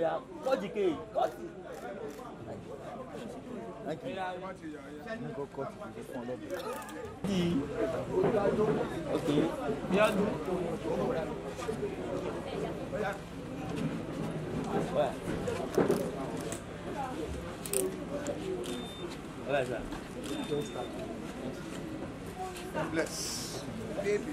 Yeah, kọ́jì ke kọ́jì. Thank you. Ní kò kọ́jì kìí fún ọlọ́dún. Kí okay, bí a dùn. Right, sir. Bless. Baby.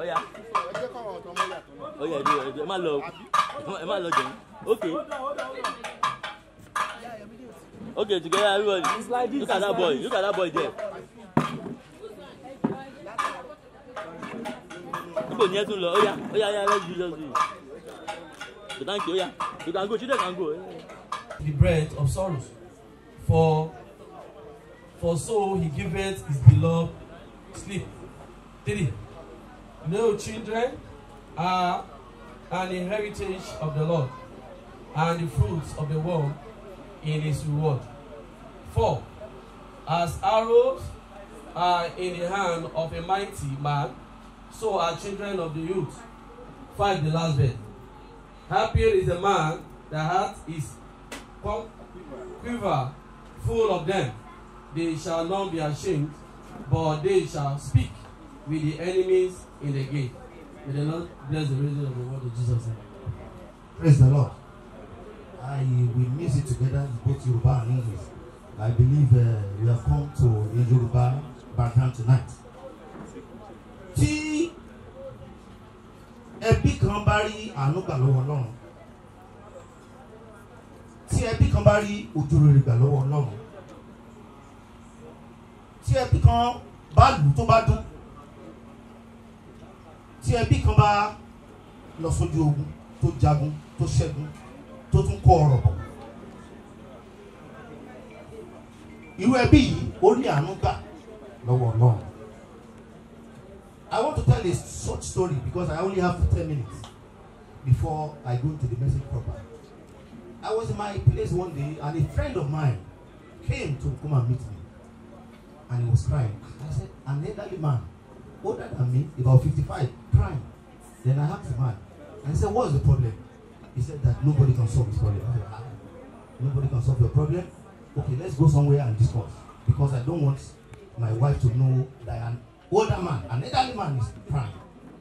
ọ̀yà ọ̀yà ẹ̀dí ẹ̀dí ẹ má lọ ẹ má lọ jẹun ok ok together everybody look at that boy look at that boy there. Ibo ni ẹ tún lọ, ọ̀yà ọ̀yà ọ̀yà let's do let's do. thank you, ọ̀yà you can go children can go. The bread of sorrow, for for so he giveth his beloved sleep. Three. No children are an inheritance of the Lord, and the fruits of the womb in his reward. Four, as arrows are in the hand of a mighty man, so are children of the youth. Five, the last verse. Happier is the man that hath his quiver full of them. They shall not be ashamed, but they shall speak with the enemies in the gate. May the Lord bless the reason of the word of Jesus. Praise the Lord. I will miss it together in both Yoruba and English. I believe uh, we have come to a Yoruba background tonight. Tí ẹbí kan bá rí àánú gbà lọ́wọ́ Ọlọ́run. Tí ẹbí kan bá rí ojúrere gbà lọ́wọ́ Ọlọ́run. Tí ẹbí kan bá lù tó bá dún tí ẹbí kan bá lọ sójú ogun tó jagun tó ṣẹ́gun tó tún kó ọrọ̀ bọ̀ irú ẹbí yìí ó ní àánú gbà lọ́wọ́ náà. I want to tell a short story because I only have ten minutes before I go to the message proper. I was in my place one day and a friend of mine came to come and meet me and he was crying. I said, an elderly man older than me, about 55, crying. Then I asked the man, I said, what's the problem? He said that nobody can solve this problem. I said, ah, nobody can solve your problem. Okay, let's go somewhere and discuss. Because I don't want my wife to know that an older man, an elderly man is crying.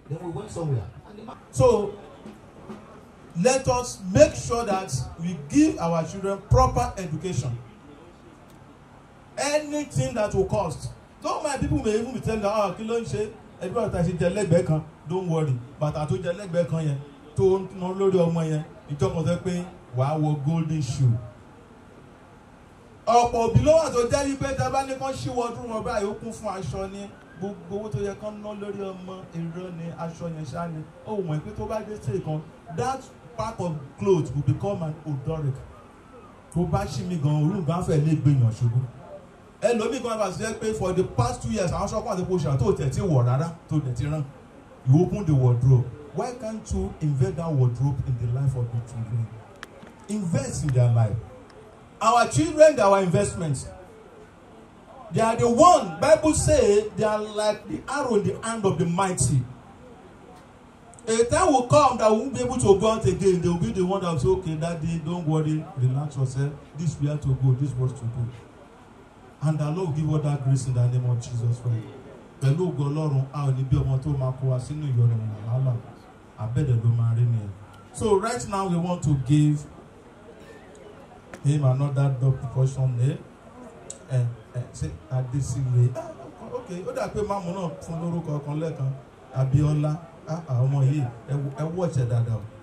Then we went somewhere. And the man so, let us make sure that we give our children proper education. Anything that will cost so my people may even be telling them ah kí ló ń ṣe ẹbí bàtà ṣe jẹ lẹ́gbẹ̀ẹ́ kan don't worry bàtà tó jẹ lẹ́gbẹ̀ẹ́ kan yẹn tó ń ná lórí ọmọ yẹn ìjọkọ̀ sọ pé wàá wọ golden shoe ọ̀pọ̀ òbí ló wà tó jẹ́ wípé tá a bá ní kán ṣíwọ́ ọdún wọn báyìí ó kún fún aṣọ ni gbogbo owó tó yẹ kán ná lórí ọmọ èrò ni aṣọ yẹn ṣá ni ó mọ̀ pé tó bá dé sí ìkan that pack of clothes will become an odoric tó bá ṣí mi gan orúkọ afẹ́ lè gbìyànjú ṣubú ẹlòmíì kan bá ti jẹ́ pé for the past two years àwọn ṣọ́kùn àti pòṣà tó tẹ̀ tí wọ̀ rárá tó tẹ̀ tí rán you open the wardrobe why can't you invest that wardrobe in the life of the children invest in their life our children they our investments they are the one bible say they are like the arrow in the hand of the mighty a time will come that we won't be able to go out again they will be the one that will say okay daddy don't worry relax yourself this where to go this was to do and the Lord give all that grace in the name of Jesus Christ. pẹ̀lú ògo ọlọ́run a ò ní bí ọmọ tó máa kó wa sínú ìyọnu wàhálà abẹ́rẹ́ ló máa rí nìyẹn. So right now we want to give him another double portion there. Eh? Eh, eh, ẹ ẹ ṣe Adesire ah, ok ó dà pé máàmù náà fún lórúkọ kan lẹ́ẹ̀kan Abiola ah, ah, ọmọ yìí ẹ wọ́ ọ̀ṣẹ̀ dáadáa o.